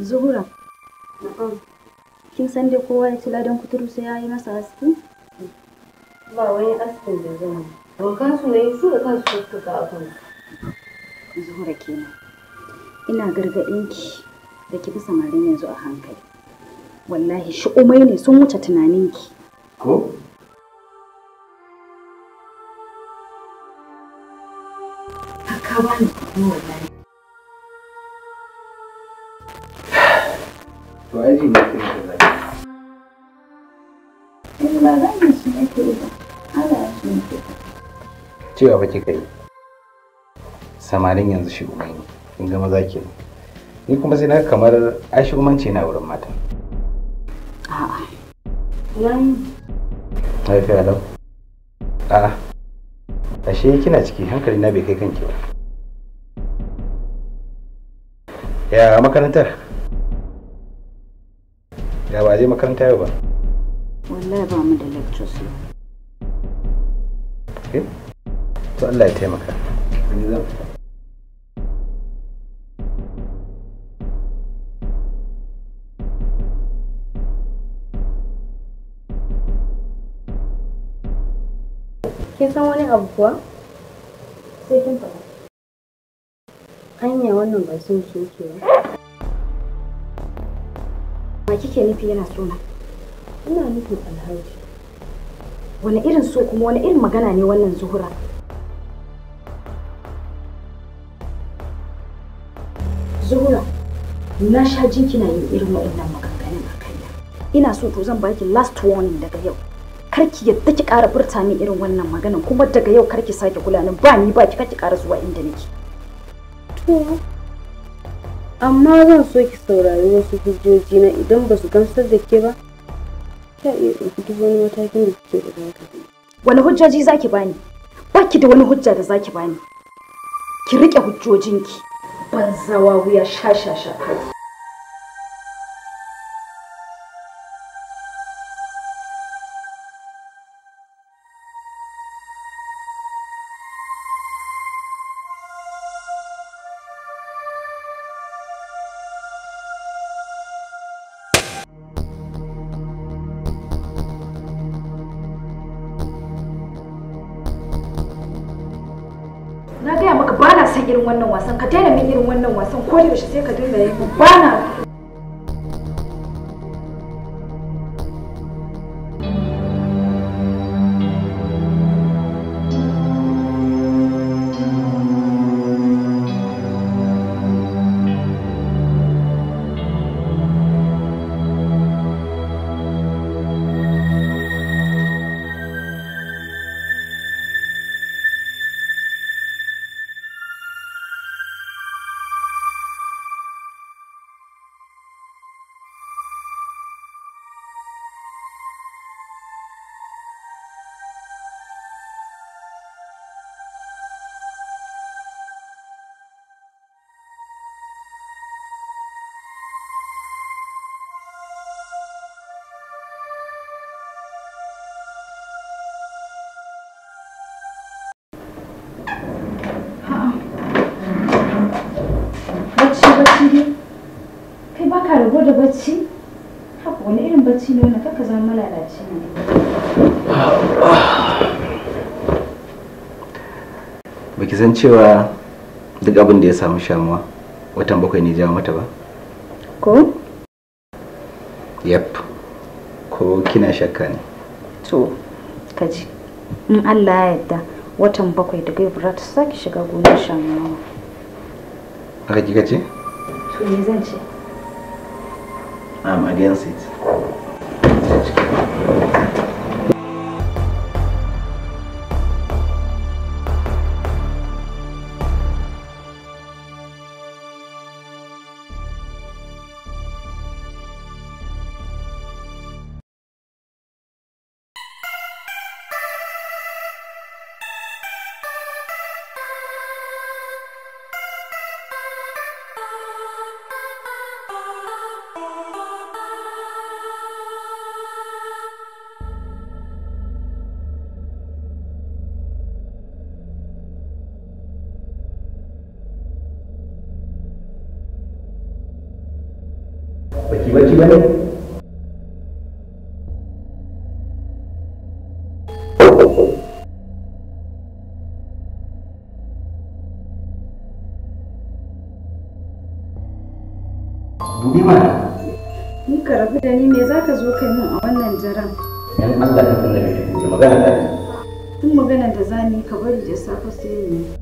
Zuhura, kin san dai kowa ya ci ladan kuturu sai ya yi masa aski? Ba wani askin da zama yi. Abokan su ne su da kansu suka ga abin. Zuhura kenan. Ina gargaɗin ki da ki bi samarin yanzu a hankali. Wallahi shi'umai ne sun wuce tunaninki. Ko? Ka bani kuɗi wallahi. to ai ji ne eh, ke da zaki in ba zaki shi nake ba Allah shi ne cewa ba kika yi samarin yanzu shugaban umai ne in ga maza ke ni kuma sai na kamar ai shi umanci na wurin mata a'a nan lafiya lau a'a ashe kina ciki hankali na bai kai kanki ba ya makarantar Da ba je makaranta yau ba? Wallahi ba mu da lectures yau. Eh? To Allah ya taimaka. Ni kin san wani abu kuwa? Sai kin faɗa. Anya wannan ba sun ke ba. kike nufi yana so na ina nufin alhaji wani irin so kuma wani irin magana ne wannan zuhura zuhura na sha jin kina yin irin waɗannan maganganun a kaina ina so to zan baki last warning daga yau karki yadda ki ƙara furta min irin wannan maganan kuma daga yau karki sake kula ni ba ni ba ki karki ƙara zuwa inda nake to amma zan so ki saurari wasu hujjoji na idan ba su gamsar da ke ba ta iya ɗauki duk wani matakin da zaka bukata wani hujjoji zaki bani ki da wani hujja da zaki bani ki riƙe hujjojinki ban zawa wuya sha sha sha kai na gaya maka ba son irin wannan wasan ka daina min irin wannan wasan ko da yaushe sai ka dinga yi ba na da bacci haka wani irin bacci ne wanda kaka zama lalace ne baki san cewa duk abin da ya samu shamuwa watan bakwai ne jawo mata ba ko yep ko kina shakka ne to kaji in allah ya yadda watan bakwai da gaibura ta sake shiga gonar shamuwa haka kaji? ce to me zan ce I'm against it. baki baki ba ne Dubi da Ni ka rabu da ni me za ka zo kai min a wannan jaran? Yan Allah ka sanar da magana da ni. Tun maganar da za ni ka bari da safe sai ne.